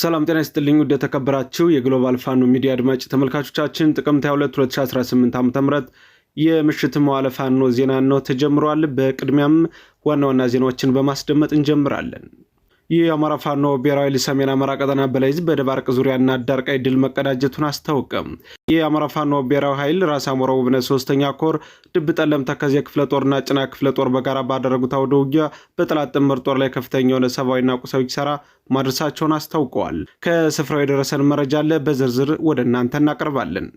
ሰላም ጤና ይስጥልኝ። ውድ የተከበራችሁ የግሎባል ፋኖ ሚዲያ አድማጭ ተመልካቾቻችን ጥቅምት 22 2018 ዓ ም የምሽት መዋለ ፋኖ ዜና ነው ተጀምሯል። በቅድሚያም ዋና ዋና ዜናዎችን በማስደመጥ እንጀምራለን። ይህ የአማራ ፋኖ ብሔራዊ ኃይል ሰሜን አማራ ቀጠና በላይዝ ዕዝ በደባርቅ ዙሪያና አዳርቃይ ድል መቀዳጀቱን አስታወቀ። ይህ የአማራ ፋኖ ብሔራዊ ኃይል ራስ አሞራ ውብነ ሶስተኛ ኮር ድብ ጠለም ተከዜ ክፍለ ጦርና ጭና ክፍለ ጦር በጋራ ባደረጉት አውደ ውጊያ በጠላት ጥምር ጦር ላይ ከፍተኛ የሆነ ሰብአዊና ቁሳዊ ኪሳራ ማድረሳቸውን አስታውቀዋል። ከስፍራው የደረሰን መረጃ አለ፣ በዝርዝር ወደ እናንተ እናቀርባለን።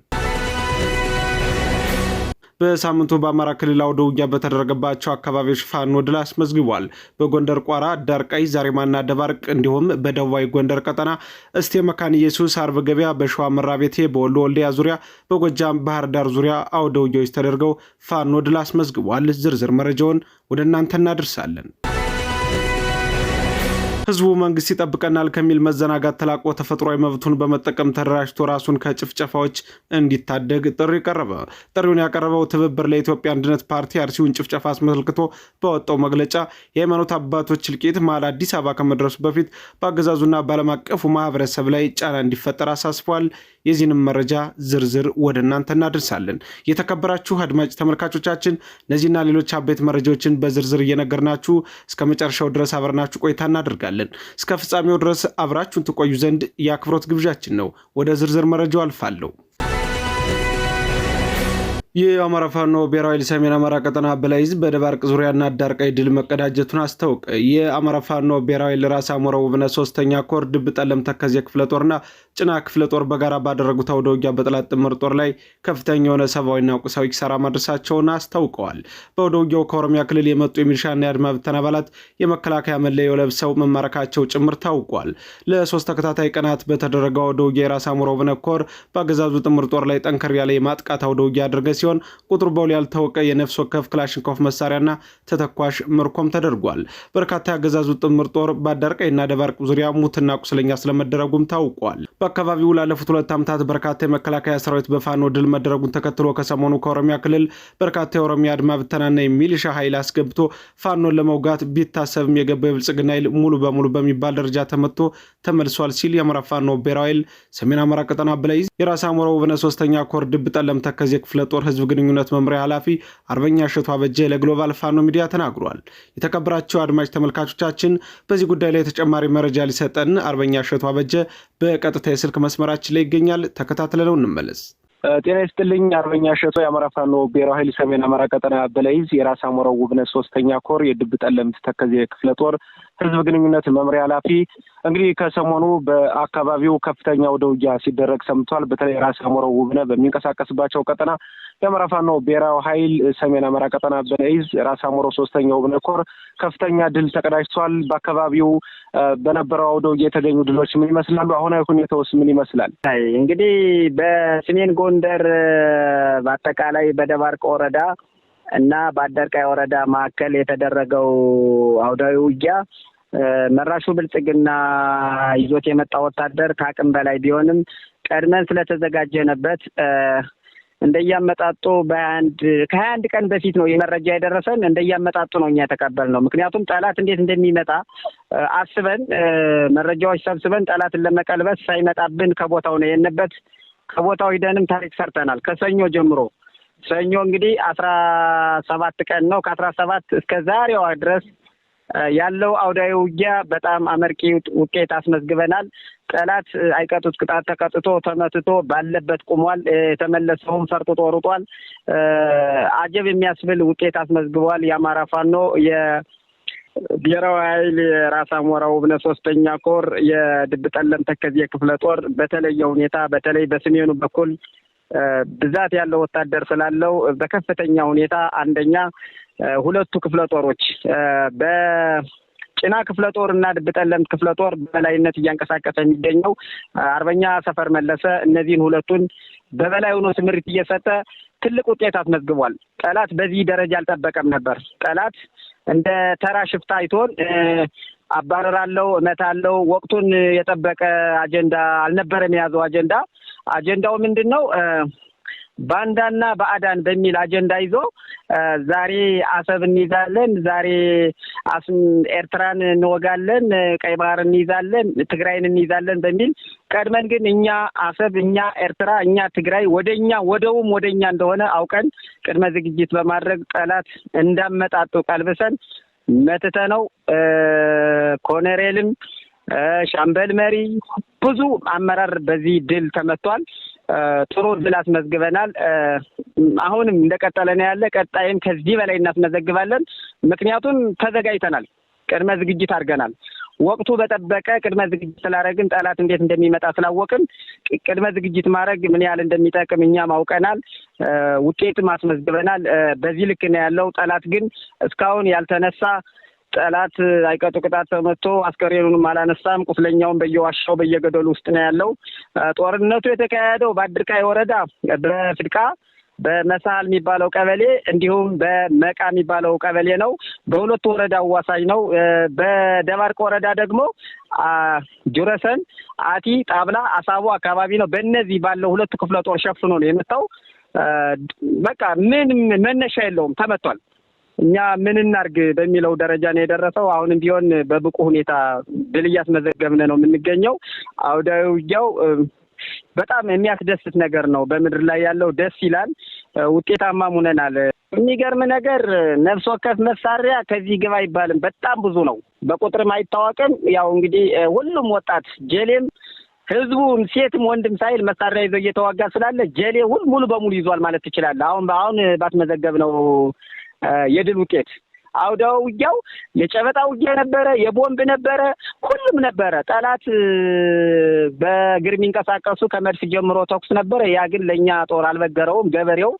በሳምንቱ በአማራ ክልል አውደ ውጊያ በተደረገባቸው አካባቢዎች ፋኖ ድል አስመዝግቧል። በጎንደር ቋራ፣ ቀይ ዛሬማና ደባርቅ እንዲሁም በደቡባዊ ጎንደር ቀጠና እስቴ መካን ኢየሱስ፣ አርብ ገበያ፣ በሸዋ መራቤቴ ቤቴ፣ በወሎ ወልዲያ ዙሪያ፣ በጎጃም ባህር ዳር ዙሪያ አውደ ውጊያዎች ተደርገው ፋኖ ድል አስመዝግቧል። ዝርዝር መረጃውን ወደ እናንተ እናደርሳለን። ህዝቡ መንግስት ይጠብቀናል ከሚል መዘናጋት ተላቆ ተፈጥሯዊ መብቱን በመጠቀም ተደራጅቶ ራሱን ከጭፍጨፋዎች እንዲታደግ ጥሪ ቀረበ። ጥሪውን ያቀረበው ትብብር ለኢትዮጵያ አንድነት ፓርቲ አርሲውን ጭፍጨፋ አስመልክቶ በወጣው መግለጫ የሃይማኖት አባቶች እልቂት መሀል አዲስ አበባ ከመድረሱ በፊት በአገዛዙና በዓለም አቀፉ ማህበረሰብ ላይ ጫና እንዲፈጠር አሳስቧል። የዚህንም መረጃ ዝርዝር ወደ እናንተ እናደርሳለን። የተከበራችሁ አድማጭ ተመልካቾቻችን እነዚህና ሌሎች አበይት መረጃዎችን በዝርዝር እየነገርናችሁ እስከ መጨረሻው ድረስ አብረናችሁ ቆይታ እናደርጋለን። እናቀርባለን። እስከ ፍጻሜው ድረስ አብራችሁን ትቆዩ ዘንድ የአክብሮት ግብዣችን ነው። ወደ ዝርዝር መረጃው አልፋለሁ። የአማራ ፋኖ ብሔራዊ ኃይል ሰሜን አማራ ቀጠና በላይዝ ዕዝ በደባርቅ ዙሪያና አዳርቃይ ድል መቀዳጀቱን አስታወቀ። የአማራ ፋኖ ብሔራዊ ኃይል ራስ አሞራ ሶስተኛ ኮር ድብ ጠለም ተከዜ ክፍለ ጦርና ጭና ክፍለ ጦር በጋራ ባደረጉት አውደ ውጊያ በጠላት ጥምር ጦር ላይ ከፍተኛ የሆነ ሰብአዊና ቁሳዊ ኪሳራ ማድረሳቸውን አስታውቀዋል። በአውደ ውጊያው ከኦሮሚያ ክልል የመጡ የሚሊሻና የአድማ ብተን አባላት የመከላከያ መለያው ለብሰው መማረካቸው ጭምር ታውቋል። ለሶስት ተከታታይ ቀናት በተደረገው አውደ ውጊያ የራስ አሞረው ውብነህ ኮር በአገዛዙ ጥምር ጦር ላይ ጠንከር ያለ የማጥቃት አውደ ውጊያ አድርገ ሲሆን ቁጥሩ በውል ያልታወቀ የነፍስ ወከፍ ክላሽንኮፍ መሳሪያና ተተኳሽ ምርኮም ተደርጓል። በርካታ ያገዛዙ ጥምር ጦር በአዳርቀይና ደባርቅ ዙሪያ ሙትና ቁስለኛ ስለመደረጉም ታውቋል። በአካባቢው ላለፉት ሁለት ዓመታት በርካታ የመከላከያ ሰራዊት በፋኖ ድል መደረጉን ተከትሎ ከሰሞኑ ከኦሮሚያ ክልል በርካታ የኦሮሚያ አድማ ብተናና የሚሊሻ ኃይል አስገብቶ ፋኖን ለመውጋት ቢታሰብም የገባው የብልጽግና ኃይል ሙሉ በሙሉ በሚባል ደረጃ ተመቶ ተመልሷል ሲል የአማራ ፋኖ ብሔራዊ ኃይል ሰሜን አማራ ቀጠና በላይ የራስ አሞራ ውብነ ሶስተኛ ኮር ድብ ጠለምት ክፍለ ጦር ህዝብ ግንኙነት መምሪያ ኃላፊ አርበኛ እሸቱ አበጀ ለግሎባል ፋኖ ሚዲያ ተናግሯል። የተከበራቸው አድማጭ ተመልካቾቻችን በዚህ ጉዳይ ላይ ተጨማሪ መረጃ ሊሰጠን አርበኛ እሸቱ አበጀ በቀጥታ የስልክ መስመራችን ላይ ይገኛል። ተከታትለነው እንመለስ። ጤና ይስጥልኝ አርበኛ እሸቱ የአማራ ፋኖ ብሔራዊ ኃይል ሰሜን አማራ ቀጠና አበላይዝ የራስ አሞራው ውብነት ሶስተኛ ኮር የድብ ጠለምት ተከዜ ክፍለ ጦር ህዝብ ግንኙነት መምሪያ ኃላፊ እንግዲህ ከሰሞኑ በአካባቢው ከፍተኛ ወደ ውጊያ ሲደረግ ሰምቷል። በተለይ ራስ አሞራው ውብነ በሚንቀሳቀስባቸው ቀጠና የአማራ ፋኖ ብሔራዊ ኃይል ሰሜን አማራ ቀጠና በነይዝ ራስ አሞሮ ሶስተኛው ብነኮር ከፍተኛ ድል ተቀዳጅቷል። በአካባቢው በነበረው አውደ ውጊያ የተገኙ ድሎች ምን ይመስላሉ? አሁናዊ ሁኔታውስ ምን ይመስላል? እንግዲህ በሰሜን ጎንደር በአጠቃላይ በደባርቅ ወረዳ እና በአደርቃይ ወረዳ መካከል የተደረገው አውዳዊ ውጊያ መራሹ ብልጽግና ይዞት የመጣ ወታደር ከአቅም በላይ ቢሆንም ቀድመን ስለተዘጋጀንበት እንደያመጣጡ በአንድ ከሀያ አንድ ቀን በፊት ነው መረጃ የደረሰን። እንደያመጣጡ ነው እኛ ነው። ምክንያቱም ጠላት እንዴት እንደሚመጣ አስበን መረጃዎች ሰብስበን ጠላትን ለመቀልበስ ሳይመጣብን ከቦታው ነው የነበት ከቦታው ሂደንም ታሪክ ሰርተናል። ከሰኞ ጀምሮ ሰኞ እንግዲህ አስራ ሰባት ቀን ነው። ከአስራ ሰባት እስከ ዛሬዋ ድረስ ያለው አውዳዊ ውጊያ በጣም አመርቂ ውጤት አስመዝግበናል። ጠላት አይቀጡት ቅጣት ተቀጥቶ ተመትቶ ባለበት ቁሟል። የተመለሰውም ፈርጥጦ ሩጧል። አጀብ የሚያስብል ውጤት አስመዝግቧል። የአማራ ፋኖ የብሔራዊ ኃይል የራስ አሞራ ውብነ ሶስተኛ ኮር የድብጠለም ተከዜ ክፍለ ጦር በተለየ ሁኔታ በተለይ በሰሜኑ በኩል ብዛት ያለው ወታደር ስላለው በከፍተኛ ሁኔታ አንደኛ ሁለቱ ክፍለ ጦሮች በጭና ክፍለ ጦር እና ድብጠለምት ክፍለ ጦር በበላይነት እያንቀሳቀሰ የሚገኘው አርበኛ ሰፈር መለሰ እነዚህን ሁለቱን በበላይ ሆኖ ትምህርት እየሰጠ ትልቅ ውጤት አስመዝግቧል። ጠላት በዚህ ደረጃ አልጠበቀም ነበር። ጠላት እንደ ተራ ሽፍታ አይቶን አባረራለው፣ እመታለው ወቅቱን የጠበቀ አጀንዳ አልነበረም የያዘው አጀንዳ አጀንዳው ምንድን ነው? ባንዳና በአዳን በሚል አጀንዳ ይዞ ዛሬ አሰብ እንይዛለን፣ ዛሬ ኤርትራን እንወጋለን፣ ቀይ ባህር እንይዛለን፣ ትግራይን እንይዛለን በሚል ቀድመን ግን እኛ አሰብ፣ እኛ ኤርትራ፣ እኛ ትግራይ ወደ እኛ ወደኛ ወደ እኛ እንደሆነ አውቀን ቅድመ ዝግጅት በማድረግ ጠላት እንዳመጣጡ ቀልብሰን መትተ ነው ኮነሬልም ሻምበል መሪ ብዙ አመራር በዚህ ድል ተመቷል። ጥሩ እድል አስመዝግበናል። አሁንም እንደቀጠለ ነው ያለ። ቀጣይም ከዚህ በላይ እናስመዘግባለን። ምክንያቱም ተዘጋጅተናል፣ ቅድመ ዝግጅት አድርገናል። ወቅቱ በጠበቀ ቅድመ ዝግጅት ስላደረግን ጠላት እንዴት እንደሚመጣ ስላወቅን ቅድመ ዝግጅት ማድረግ ምን ያህል እንደሚጠቅም እኛም አውቀናል። ውጤትም አስመዝግበናል። በዚህ ልክ ነው ያለው። ጠላት ግን እስካሁን ያልተነሳ ጠላት አይቀጡ ቅጣት ተመቶ አስከሬኑንም አላነሳም። ቁስለኛውን በየዋሻው በየገደሉ ውስጥ ነው ያለው። ጦርነቱ የተካሄደው በአድርቃይ ወረዳ በፍድቃ በመሳል የሚባለው ቀበሌ እንዲሁም በመቃ የሚባለው ቀበሌ ነው። በሁለቱ ወረዳ አዋሳኝ ነው። በደባርቅ ወረዳ ደግሞ ጁረሰን፣ አቲ፣ ጣብላ፣ አሳቦ አካባቢ ነው። በእነዚህ ባለው ሁለቱ ክፍለ ጦር ሸፍኖ ነው የመጣው በቃ ምን መነሻ የለውም፣ ተመቷል። እኛ ምን እናርግ በሚለው ደረጃ ነው የደረሰው። አሁንም ቢሆን በብቁ ሁኔታ ድል እያስመዘገብን ነው የምንገኘው። አውደ ውጊያው በጣም የሚያስደስት ነገር ነው። በምድር ላይ ያለው ደስ ይላል። ውጤታማም ሆነናል። የሚገርም ነገር ነፍስ ወከፍ መሳሪያ ከዚህ ግብ አይባልም። በጣም ብዙ ነው፣ በቁጥርም አይታወቅም። ያው እንግዲህ ሁሉም ወጣት ጀሌም ህዝቡም ሴትም ወንድም ሳይል መሳሪያ ይዘው እየተዋጋ ስላለ ጀሌ ሁሉ ሙሉ በሙሉ ይዟል ማለት ትችላለህ። አሁን አሁን ባስመዘገብ ነው የድል ውጤት አውደ ውጊያው የጨበጣ ውጊያ ነበረ፣ የቦምብ ነበረ፣ ሁሉም ነበረ። ጠላት በእግር የሚንቀሳቀሱ ከመድፍ ጀምሮ ተኩስ ነበረ። ያ ግን ለእኛ ጦር አልበገረውም። ገበሬው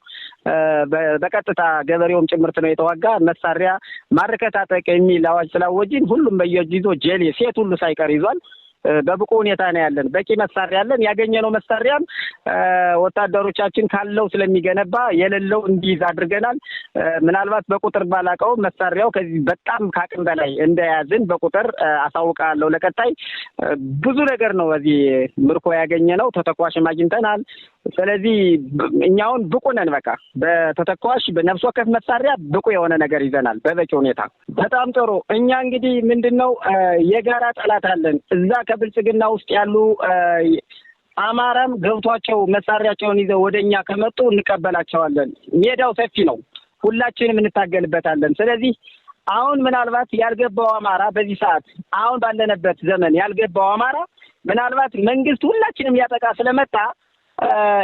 በቀጥታ ገበሬውም ጭምርት ነው የተዋጋ። መሳሪያ ማርከታጠቅ የሚል አዋጅ ስላወጅን ሁሉም በየእጁ ጄሌ ሴት ሁሉ ሳይቀር ይዟል። በብቁ ሁኔታ ነው ያለን። በቂ መሳሪያ አለን። ያገኘነው መሳሪያም ወታደሮቻችን ካለው ስለሚገነባ የሌለው እንዲይዝ አድርገናል። ምናልባት በቁጥር ባላቀው መሳሪያው ከዚህ በጣም ከአቅም በላይ እንደያዝን በቁጥር አሳውቃለሁ። ለቀጣይ ብዙ ነገር ነው በዚህ ምርኮ ያገኘነው። ተተኳሽም አግኝተናል። ስለዚህ እኛውን ብቁ ነን። በቃ በተተኳሽ በነፍስ ወከፍ መሳሪያ ብቁ የሆነ ነገር ይዘናል በበቂ ሁኔታ። በጣም ጥሩ። እኛ እንግዲህ ምንድን ነው የጋራ ጠላት አለን። እዛ ከብልጽግና ውስጥ ያሉ አማራም ገብቷቸው መሳሪያቸውን ይዘው ወደ እኛ ከመጡ እንቀበላቸዋለን። ሜዳው ሰፊ ነው፣ ሁላችንም እንታገልበታለን። ስለዚህ አሁን ምናልባት ያልገባው አማራ በዚህ ሰዓት አሁን ባለንበት ዘመን ያልገባው አማራ ምናልባት መንግስት ሁላችንም ያጠቃ ስለመጣ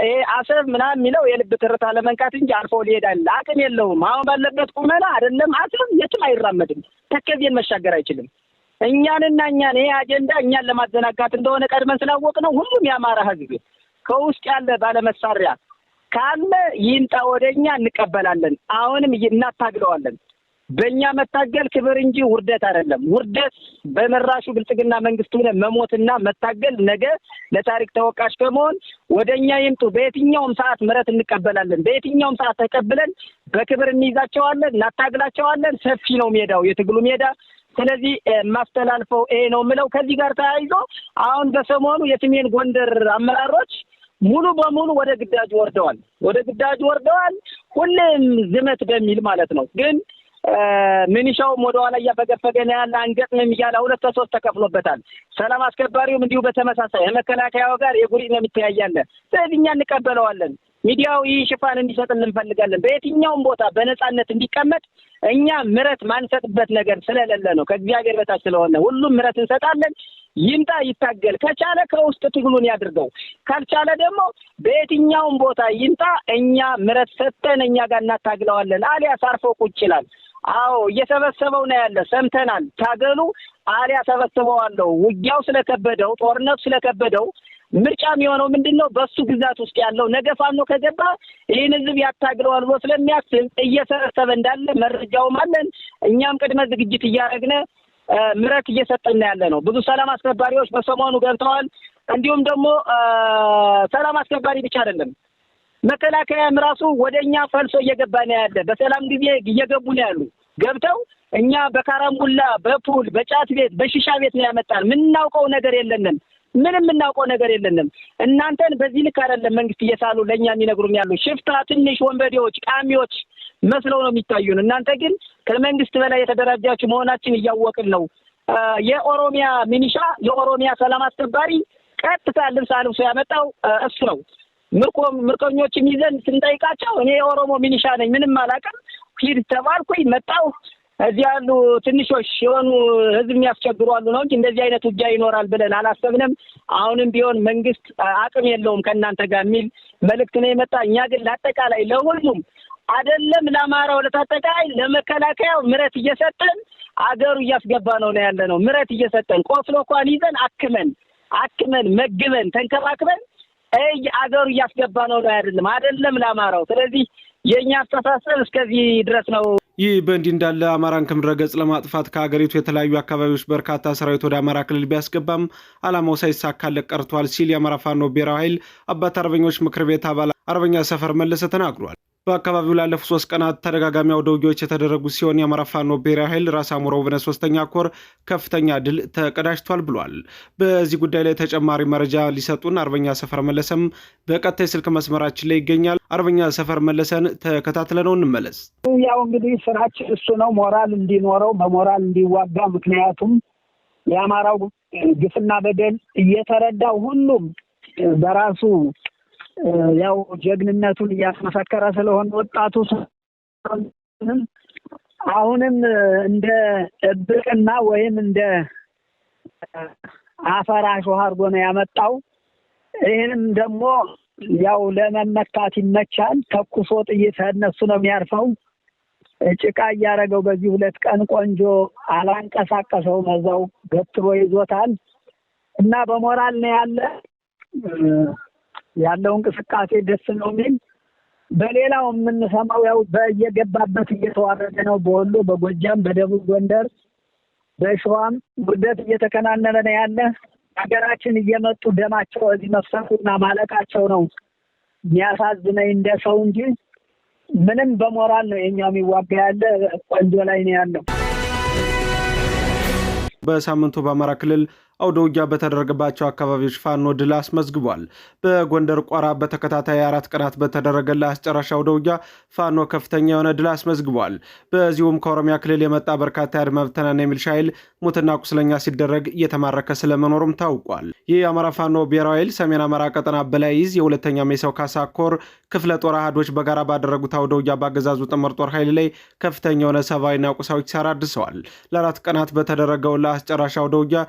ይሄ አሰብ ምናምን የሚለው የልብ ትርታ ለመንካት እንጂ አልፎ ሊሄዳል አቅም የለውም። አሁን ባለበት ቁመና አይደለም አሰብ የትም አይራመድም፣ ተከዜን መሻገር አይችልም። እኛንና እኛን ይሄ አጀንዳ እኛን ለማዘናጋት እንደሆነ ቀድመን ስላወቅ ነው። ሁሉም የአማራ ህዝብ ከውስጥ ያለ ባለመሳሪያ ካለ ይምጣ ወደ እኛ እንቀበላለን። አሁንም እናታግለዋለን። በእኛ መታገል ክብር እንጂ ውርደት አይደለም። ውርደት በመራሹ ብልጽግና መንግስት ሆነ መሞትና መታገል ነገ ለታሪክ ተወቃሽ ከመሆን ወደ እኛ ይምጡ። በየትኛውም ሰዓት ምረት እንቀበላለን። በየትኛውም ሰዓት ተቀብለን በክብር እንይዛቸዋለን፣ እናታግላቸዋለን። ሰፊ ነው ሜዳው፣ የትግሉ ሜዳ። ስለዚህ የማስተላልፈው ይሄ ነው የምለው። ከዚህ ጋር ተያይዞ አሁን በሰሞኑ የሰሜን ጎንደር አመራሮች ሙሉ በሙሉ ወደ ግዳጅ ወርደዋል፣ ወደ ግዳጅ ወርደዋል። ሁሌም ዝመት በሚል ማለት ነው ግን ምንሻውም ወደ ኋላ እያፈገፈገ ነው ያለ፣ አንገጥምም እያለ ሁለት ከሶስት ተከፍሎበታል። ሰላም አስከባሪውም እንዲሁ በተመሳሳይ መከላከያው ጋር የጉሪ ነው የሚተያያለ። ስለዚህ እኛ እንቀበለዋለን። ሚዲያው ይህ ሽፋን እንዲሰጥልን እንፈልጋለን። በየትኛውም ቦታ በነፃነት እንዲቀመጥ እኛ ምረት ማንሰጥበት ነገር ስለሌለ ነው፣ ከእግዚአብሔር በታች ስለሆነ ሁሉም ምረት እንሰጣለን። ይምጣ፣ ይታገል። ከቻለ ከውስጥ ትግሉን ያድርገው፣ ካልቻለ ደግሞ በየትኛውም ቦታ ይምጣ። እኛ ምረት ሰጠን እኛ ጋር እናታግለዋለን። አሊያስ አርፎ ቁጭ ይላል። አዎ እየሰበሰበው ነው ያለ ሰምተናል። ታገሉ አሊያ ሰበስበዋለሁ። ውጊያው ስለከበደው፣ ጦርነቱ ስለከበደው ምርጫ የሚሆነው ምንድን ነው? በሱ ግዛት ውስጥ ያለው ነገ ፋኖ ከገባ ይህን ህዝብ ያታግለዋል ብሎ ስለሚያስብ እየሰበሰበ እንዳለ መረጃውም አለን። እኛም ቅድመ ዝግጅት እያደረግነ ምረት እየሰጠና ያለ ነው። ብዙ ሰላም አስከባሪዎች በሰሞኑ ገብተዋል። እንዲሁም ደግሞ ሰላም አስከባሪ ብቻ አይደለም መከላከያም ራሱ ወደ እኛ ፈልሶ እየገባ ነው ያለ። በሰላም ጊዜ እየገቡ ነው ያሉ። ገብተው እኛ በካራምቡላ በፑል በጫት ቤት በሽሻ ቤት ነው ያመጣን። የምናውቀው ነገር የለንም። ምንም የምናውቀው ነገር የለንም። እናንተን በዚህ ልክ አይደለም መንግስት እየሳሉ ለእኛ የሚነግሩን ያሉ ሽፍታ፣ ትንሽ ወንበዴዎች፣ ቃሚዎች መስለው ነው የሚታዩን። እናንተ ግን ከመንግስት በላይ የተደራጃችሁ መሆናችን እያወቅን ነው። የኦሮሚያ ሚኒሻ፣ የኦሮሚያ ሰላም አስከባሪ ቀጥታ ልብስ አልብሶ ያመጣው እሱ ነው። ምርኮኞችም ይዘን ስንጠይቃቸው እኔ የኦሮሞ ሚኒሻ ነኝ፣ ምንም አላውቅም፣ ሂድ ተባልኩኝ መጣሁ። እዚህ ያሉ ትንሾች የሆኑ ህዝብ የሚያስቸግሩ አሉ ነው እንጂ እንደዚህ አይነት ውጊያ ይኖራል ብለን አላሰብንም። አሁንም ቢሆን መንግስት አቅም የለውም ከእናንተ ጋር የሚል መልእክት ነው የመጣ። እኛ ግን ለአጠቃላይ ለሁሉም አይደለም ለአማራው፣ ለታጠቃይ ለመከላከያው ምረት እየሰጠን አገሩ እያስገባ ነው ነው ያለ ነው። ምረት እየሰጠን ቆስሎ እንኳን ይዘን አክመን አክመን መግበን ተንከባክበን አገሩ እያስገባ ነው ነው አይደለም አይደለም ለአማራው። ስለዚህ የእኛ አስተሳሰብ እስከዚህ ድረስ ነው። ይህ በእንዲህ እንዳለ አማራን ከምድረ ገጽ ለማጥፋት ከሀገሪቱ የተለያዩ አካባቢዎች በርካታ ሰራዊት ወደ አማራ ክልል ቢያስገባም ዓላማው ሳይሳካለት ቀርቷል ሲል የአማራ ፋኖ ብሔራዊ ኃይል አባት አርበኞች ምክር ቤት አባል አርበኛ ሰፈር መለሰ ተናግሯል። በአካባቢው ላለፉ ሶስት ቀናት ተደጋጋሚ አውደ ውጊያዎች የተደረጉ ሲሆን የአማራ ፋኖ ብሔራዊ ኃይል ራስ አሞራው ብነ ሶስተኛ ኮር ከፍተኛ ድል ተቀዳጅቷል ብሏል። በዚህ ጉዳይ ላይ ተጨማሪ መረጃ ሊሰጡን አርበኛ ሰፈር መለሰም በቀጥታ ስልክ መስመራችን ላይ ይገኛል። አርበኛ ሰፈር መለሰን ተከታትለነው እንመለስ። ያው እንግዲህ ስራችን እሱ ነው፣ ሞራል እንዲኖረው በሞራል እንዲዋጋ። ምክንያቱም የአማራው ግፍና በደል እየተረዳው ሁሉም በራሱ ያው ጀግንነቱን እያስመሰከረ ስለሆነ ወጣቱ አሁንም እንደ እብቅና ወይም እንደ አፈራሽ ውሃ አድርጎ ነው ያመጣው። ይህንም ደግሞ ያው ለመመካት ይመቻል። ተኩሶ ጥይት እነሱ ነው የሚያርፈው። ጭቃ እያደረገው በዚህ ሁለት ቀን ቆንጆ አላንቀሳቀሰው መዛው ገትሮ ይዞታል እና በሞራል ነው ያለ ያለው እንቅስቃሴ ደስ ነው የሚል በሌላው የምንሰማው ያው በየገባበት እየተዋረደ ነው። በወሎ፣ በጎጃም፣ በደቡብ ጎንደር፣ በሸዋም ውርደት እየተከናነነ ነው ያለ። ሀገራችን እየመጡ ደማቸው እዚህ መፍሰሱና ማለቃቸው ነው የሚያሳዝነኝ እንደ ሰው እንጂ ምንም በሞራል ነው የኛው የሚዋጋ ያለ ቆንጆ ላይ ነው ያለው። በሳምንቱ በአማራ ክልል አውደ ውጊያ በተደረገባቸው አካባቢዎች ፋኖ ድል አስመዝግቧል። በጎንደር ቋራ በተከታታይ አራት ቀናት በተደረገ ለአስጨራሽ አውደ ውጊያ ፋኖ ከፍተኛ የሆነ ድል አስመዝግቧል። በዚሁም ከኦሮሚያ ክልል የመጣ በርካታ የአድማ ብተናና የሚሊሻ ኃይል ሙትና ቁስለኛ ሲደረግ እየተማረከ ስለመኖሩም ታውቋል። ይህ የአማራ ፋኖ ብሔራዊ ኃይል ሰሜን አማራ ቀጠና በላይ ይዝ የሁለተኛ ሜሰው ካሳኮር ክፍለ ጦር አህዶች በጋራ ባደረጉት አውደ ውጊያ በአገዛዙ ጥምር ጦር ኃይል ላይ ከፍተኛ የሆነ ሰብአዊና ቁሳዊ ኪሳራ አድርሰዋል። ለአራት ቀናት በተደረገው ለአስጨራሻ አውደ ውጊያ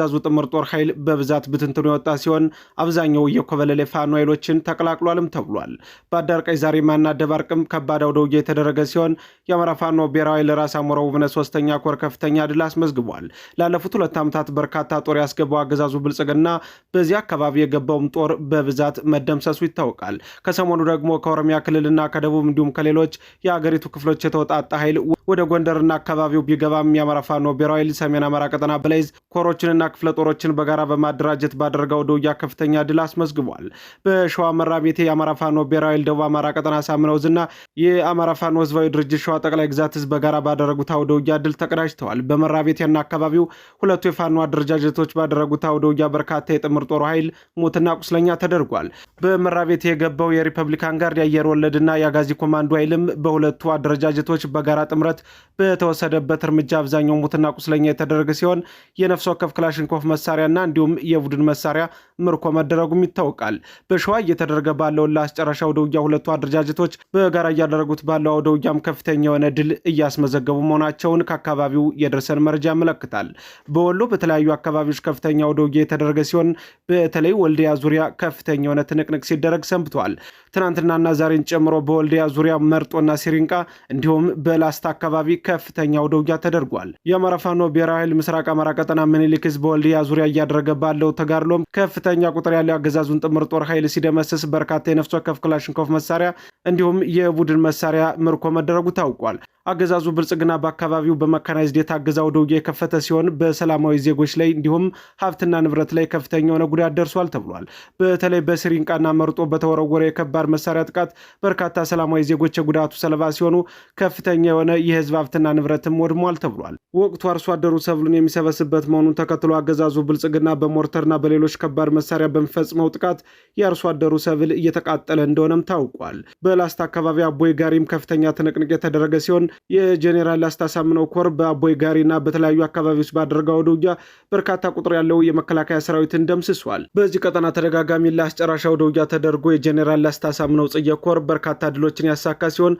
የአገዛዙ ጥምር ጦር ኃይል በብዛት ብትንትኑ የወጣ ሲሆን አብዛኛው የኮበለሌ ፋኖ ኃይሎችን ተቀላቅሏልም ተብሏል። በአዳርቃይ ዛሪማና ደባርቅም ከባድ አውደ ውጊያ የተደረገ ሲሆን የአማራ ፋኖ ብሔራዊ ለራስ አሞራው ውብነ ሶስተኛ ኮር ከፍተኛ ድል አስመዝግቧል። ላለፉት ሁለት ዓመታት በርካታ ጦር ያስገባው አገዛዙ ብልጽግና በዚህ አካባቢ የገባውም ጦር በብዛት መደምሰሱ ይታወቃል። ከሰሞኑ ደግሞ ከኦሮሚያ ክልልና ከደቡብ እንዲሁም ከሌሎች የአገሪቱ ክፍሎች የተወጣጣ ኃይል ወደ ጎንደርና አካባቢው ቢገባም የአማራ ፋኖ ብሔራዊ ሰሜን አማራ ቀጠና በላይዝ ኮሮችንና ክፍለ ጦሮችን በጋራ በማደራጀት ባደረገው ውጊያ ከፍተኛ ድል አስመዝግቧል። በሸዋ መራቤቴ የአማራ ፋኖ ብሔራዊ ደቡብ አማራ ቀጠና ሳምነው ዝና የአማራ ፋኖ ህዝባዊ ድርጅት ሸዋ ጠቅላይ ግዛት ህዝብ በጋራ ባደረጉት አውደ ውጊያ ድል ተቀዳጅተዋል። በመራቤቴና አካባቢው ሁለቱ የፋኖ አደረጃጀቶች ባደረጉት አውደ ውጊያ በርካታ የጥምር ጦር ኃይል ሞትና ቁስለኛ ተደርጓል። በመራቤቴ የገባው የሪፐብሊካን ጋርድ የአየር ወለድና የአጋዚ ኮማንዶ ኃይልም በሁለቱ አደረጃጀቶች በጋራ ጥምረት በተወሰደበት እርምጃ አብዛኛው ሞትና ቁስለኛ የተደረገ ሲሆን የነፍስ ወከፍ ክላሽ የክላሽንኮቭ መሳሪያና እንዲሁም የቡድን መሳሪያ ምርኮ መደረጉም ይታወቃል። በሸዋ እየተደረገ ባለው ለአስጨራሽ አውደውጊያ ሁለቱ አደረጃጀቶች በጋራ እያደረጉት ባለው አውደውጊያም ከፍተኛ የሆነ ድል እያስመዘገቡ መሆናቸውን ከአካባቢው የደረሰን መረጃ ያመለክታል። በወሎ በተለያዩ አካባቢዎች ከፍተኛ አውደውጊያ የተደረገ ሲሆን በተለይ ወልዲያ ዙሪያ ከፍተኛ የሆነ ትንቅንቅ ሲደረግ ሰንብቷል። ትናንትናና ዛሬን ጨምሮ በወልዲያ ዙሪያ መርጦና ሲሪንቃ እንዲሁም በላስታ አካባቢ ከፍተኛ አውደውጊያ ተደርጓል። የአማራ ፋኖ ብሔራዊ ኃይል ምስራቅ አማራ ቀጠና ምኒልክ ህዝብ በወልዲያ ዙሪያ እያደረገ ባለው ተጋድሎም ከፍተኛ ቁጥር ያለው አገዛዙን ጥምር ጦር ኃይል ሲደመስስ በርካታ የነፍስ ወከፍ ክላሽንኮቭ መሳሪያ እንዲሁም የቡድን መሳሪያ ምርኮ መደረጉ ታውቋል። አገዛዙ ብልጽግና በአካባቢው በመካናይዝድ የታገዘ አውደ ውጊያ የከፈተ ሲሆን በሰላማዊ ዜጎች ላይ እንዲሁም ሀብትና ንብረት ላይ ከፍተኛ የሆነ ጉዳት ደርሷል ተብሏል። በተለይ በስሪንቃና መርጦ በተወረወረ የከባድ መሳሪያ ጥቃት በርካታ ሰላማዊ ዜጎች የጉዳቱ ሰለባ ሲሆኑ ከፍተኛ የሆነ የህዝብ ሀብትና ንብረትም ወድሟል ተብሏል። ወቅቱ አርሶ አደሩ ሰብሉን የሚሰበስበት መሆኑን ተከትሎ አገዛዙ ብልጽግና በሞርተርና በሌሎች ከባድ መሳሪያ በሚፈጽመው ጥቃት የአርሶ አደሩ ሰብል እየተቃጠለ እንደሆነም ታውቋል። በላስታ አካባቢ አቦይ ጋሪም ከፍተኛ ትንቅንቅ የተደረገ ሲሆን የጄኔራል ላስታ ሳምነው ኮር በአቦይ ጋሪና በተለያዩ አካባቢዎች ባደረገው አውደ ውጊያ በርካታ ቁጥር ያለው የመከላከያ ሰራዊትን ደምስሷል። በዚህ ቀጠና ተደጋጋሚ ለአስጨራሽ አውደ ውጊያ ተደርጎ የጄኔራል ላስታ ሳምነው ኮር በርካታ ድሎችን ያሳካ ሲሆን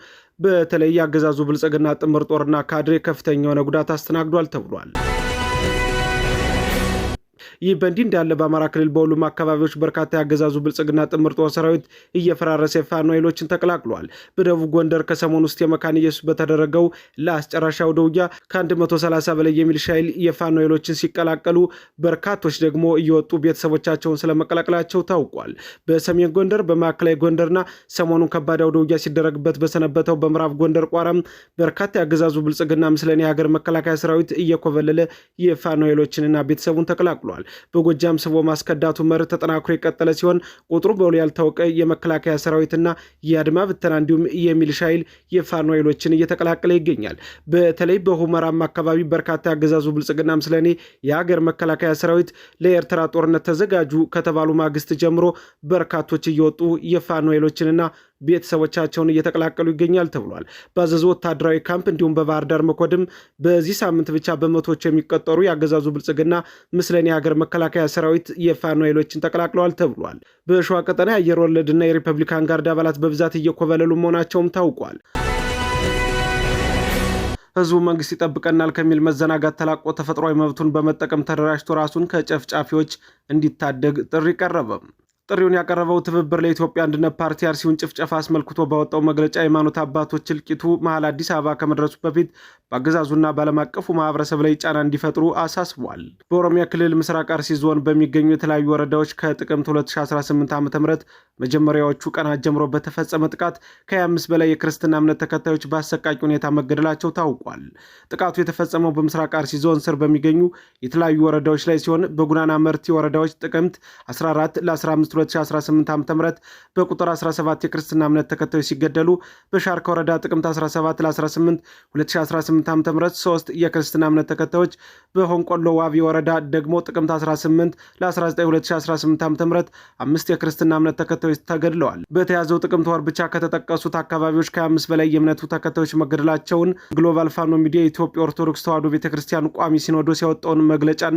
በተለይ የአገዛዙ ብልጽግና ጥምር ጦርና ካድሬ ከፍተኛ የሆነ ጉዳት አስተናግዷል ተብሏል። ይህ በእንዲህ እንዳለ በአማራ ክልል በሁሉም አካባቢዎች በርካታ ያገዛዙ ብልጽግና ጥምር ጦር ሰራዊት እየፈራረሰ የፋኖ ኃይሎችን ተቀላቅሏል። በደቡብ ጎንደር ከሰሞን ውስጥ የመካነ ኢየሱስ በተደረገው ለአስጨራሻ አውደ ውጊያ ከ130 በላይ የሚሊሻ ኃይል የፋኖ ኃይሎችን ሲቀላቀሉ በርካቶች ደግሞ እየወጡ ቤተሰቦቻቸውን ስለመቀላቀላቸው ታውቋል። በሰሜን ጎንደር፣ በማዕከላዊ ጎንደርና ሰሞኑን ከባድ አውደ ውጊያ ሲደረግበት በሰነበተው በምዕራብ ጎንደር ቋራም በርካታ ያገዛዙ ብልጽግና ምስለን የሀገር መከላከያ ሰራዊት እየኮበለለ የፋኖ ኃይሎችንና ቤተሰቡን ተቀላቅሏል። በጎጃም ስቦ ማስከዳቱ መርህ ተጠናክሮ የቀጠለ ሲሆን ቁጥሩ በውል ያልታወቀ የመከላከያ ሰራዊትና የአድማ ብተና እንዲሁም የሚሊሻ ኃይል የፋኖ ኃይሎችን እየተቀላቀለ ይገኛል። በተለይ በሁመራም አካባቢ በርካታ ያገዛዙ ብልጽግና ምስለኔ የሀገር መከላከያ ሰራዊት ለኤርትራ ጦርነት ተዘጋጁ ከተባሉ ማግስት ጀምሮ በርካቶች እየወጡ የፋኖ ኃይሎችንና ቤተሰቦቻቸውን እየተቀላቀሉ ይገኛል ተብሏል። በአዘዞ ወታደራዊ ካምፕ እንዲሁም በባህር ዳር መኮድም በዚህ ሳምንት ብቻ በመቶዎች የሚቆጠሩ የአገዛዙ ብልጽግና ምስለን የሀገር መከላከያ ሰራዊት የፋኖ ኃይሎችን ተቀላቅለዋል ተብሏል። በሸዋ ቀጠና የአየር ወለድና የሪፐብሊካን ጋርድ አባላት በብዛት እየኮበለሉ መሆናቸውም ታውቋል። ህዝቡ መንግስት ይጠብቀናል ከሚል መዘናጋት ተላቆ ተፈጥሯዊ መብቱን በመጠቀም ተደራጅቶ ራሱን ከጨፍጫፊዎች እንዲታደግ ጥሪ ቀረበም። ጥሪውን ያቀረበው ትብብር ለኢትዮጵያ አንድነት ፓርቲ አርሲውን ጭፍጨፋ አስመልክቶ ባወጣው መግለጫ የሃይማኖት አባቶች እልቂቱ መሀል አዲስ አበባ ከመድረሱ በፊት በአገዛዙና በዓለም አቀፉ ማህበረሰብ ላይ ጫና እንዲፈጥሩ አሳስቧል። በኦሮሚያ ክልል ምስራቅ አርሲ ዞን በሚገኙ የተለያዩ ወረዳዎች ከጥቅምት 2018 ዓ ም መጀመሪያዎቹ ቀናት ጀምሮ በተፈጸመ ጥቃት ከ25 በላይ የክርስትና እምነት ተከታዮች በአሰቃቂ ሁኔታ መገደላቸው ታውቋል። ጥቃቱ የተፈጸመው በምስራቅ አርሲ ዞን ስር በሚገኙ የተለያዩ ወረዳዎች ላይ ሲሆን በጉናና መርቲ ወረዳዎች ጥቅምት 14 ለ15 2018 ዓ.ም በቁጥር 17 የክርስትና እምነት ተከታዮች ሲገደሉ በሻርካ ወረዳ ጥቅምት 17 ለ18 2018 ዓ.ም ም የክርስትና እምነት ተከታዮች በሆንቆሎ ዋቢ ወረዳ ደግሞ ጥቅምት 18 ለ19 2018 ም አምስት የክርስትና እምነት ተከታዮች ተገድለዋል። በተያዘው ጥቅምት ወር ብቻ ከተጠቀሱት አካባቢዎች ከ25 በላይ የእምነቱ ተከታዮች መገደላቸውን ግሎባል ፋኖ ሚዲያ የኢትዮጵያ ኦርቶዶክስ ተዋሕዶ ቤተክርስቲያን ቋሚ ሲኖዶስ ያወጣውን መግለጫና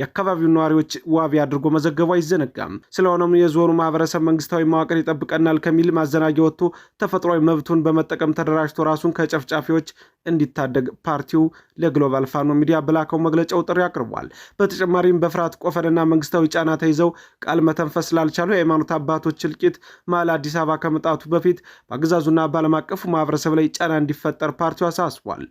የአካባቢውን ነዋሪዎች ዋቢ አድርጎ መዘገቡ አይዘነጋም። ስለሆነም የዞኑ ማህበረሰብ መንግስታዊ መዋቅር ይጠብቀናል ከሚል ማዘናጊያ ወጥቶ ተፈጥሯዊ መብቱን በመጠቀም ተደራጅቶ ራሱን ከጨፍጫፊዎች እንዲታደግ ፓርቲው ለግሎባል ፋኖ ሚዲያ በላከው መግለጫው ጥሪ አቅርቧል። በተጨማሪም በፍርሃት ቆፈንና መንግስታዊ ጫና ተይዘው ቃል መተንፈስ ላልቻሉ የሃይማኖት አባቶች እልቂት መሀል አዲስ አበባ ከመጣቱ በፊት በአገዛዙና በዓለም አቀፉ ማህበረሰብ ላይ ጫና እንዲፈጠር ፓርቲው አሳስቧል።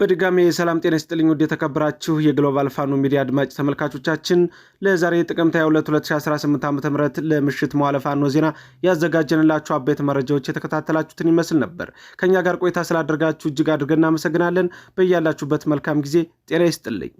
በድጋሚ የሰላም ጤና ይስጥልኝ ውድ የተከበራችሁ የግሎባል ፋኖ ሚዲያ አድማጭ ተመልካቾቻችን ለዛሬ ጥቅምት 22 2018 ዓ ም ለምሽት መዋለ ፋኖ ዜና ያዘጋጀንላችሁ አበይት መረጃዎች የተከታተላችሁትን ይመስል ነበር። ከእኛ ጋር ቆይታ ስላደርጋችሁ እጅግ አድርገን እናመሰግናለን። በያላችሁበት መልካም ጊዜ ጤና ይስጥልኝ።